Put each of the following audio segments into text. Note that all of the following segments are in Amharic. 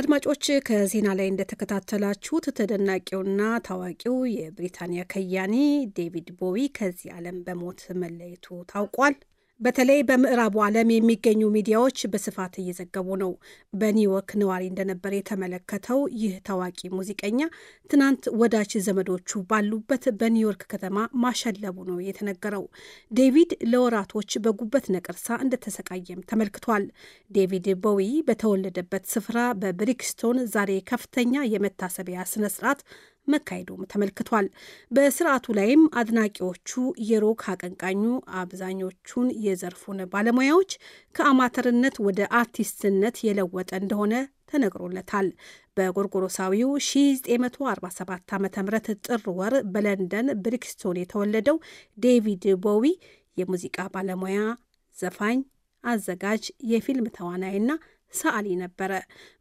አድማጮች ከዜና ላይ እንደተከታተላችሁት ተደናቂውና ታዋቂው የብሪታንያ ከያኒ ዴቪድ ቦዊ ከዚህ ዓለም በሞት መለየቱ ታውቋል። በተለይ በምዕራቡ ዓለም የሚገኙ ሚዲያዎች በስፋት እየዘገቡ ነው። በኒውዮርክ ነዋሪ እንደነበር የተመለከተው ይህ ታዋቂ ሙዚቀኛ ትናንት ወዳጅ ዘመዶቹ ባሉበት በኒውዮርክ ከተማ ማሸለቡ ነው የተነገረው። ዴቪድ ለወራቶች በጉበት ነቀርሳ እንደተሰቃየም ተመልክቷል። ዴቪድ ቦዊ በተወለደበት ስፍራ በብሪክስቶን ዛሬ ከፍተኛ የመታሰቢያ ስነስርዓት መካሄዱም ተመልክቷል። በስርዓቱ ላይም አድናቂዎቹ የሮክ አቀንቃኙ አብዛኞቹን የዘርፉን ባለሙያዎች ከአማተርነት ወደ አርቲስትነት የለወጠ እንደሆነ ተነግሮለታል። በጎርጎሮሳዊው 1947 ዓ ም ጥር ወር በለንደን ብሪክስቶን የተወለደው ዴቪድ ቦዊ የሙዚቃ ባለሙያ፣ ዘፋኝ፣ አዘጋጅ፣ የፊልም ተዋናይና ሰዓሊ ነበረ።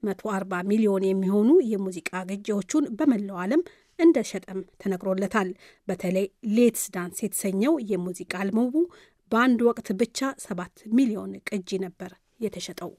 140 ሚሊዮን የሚሆኑ የሙዚቃ ግጂዎቹን በመላው ዓለም እንደሸጠም ተነግሮለታል። በተለይ ሌትስ ዳንስ የተሰኘው የሙዚቃ አልበሙ በአንድ ወቅት ብቻ ሰባት ሚሊዮን ቅጂ ነበር የተሸጠው።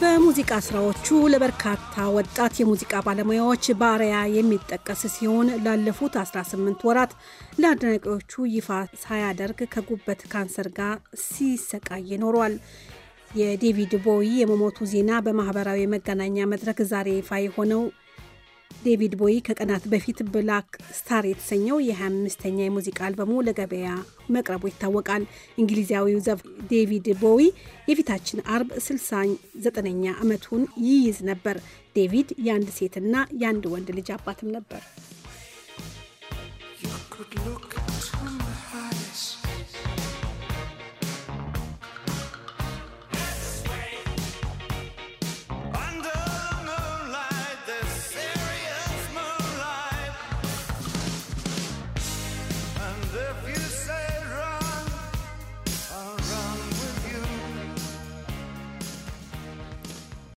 በሙዚቃ ስራዎቹ ለበርካታ ወጣት የሙዚቃ ባለሙያዎች ባሪያ የሚጠቀስ ሲሆን ላለፉት 18 ወራት ለአድናቂዎቹ ይፋ ሳያደርግ ከጉበት ካንሰር ጋር ሲሰቃይ ኖሯል። የዴቪድ ቦዊ የመሞቱ ዜና በማህበራዊ መገናኛ መድረክ ዛሬ ይፋ የሆነው ዴቪድ ቦይ ከቀናት በፊት ብላክ ስታር የተሰኘው የ25ኛ የሙዚቃ አልበሙ ለገበያ መቅረቡ ይታወቃል። እንግሊዛዊው ዘፍ ዴቪድ ቦዊ የፊታችን አርብ 69ኛ ዓመቱን ይይዝ ነበር። ዴቪድ የአንድ ሴትና የአንድ ወንድ ልጅ አባትም ነበር።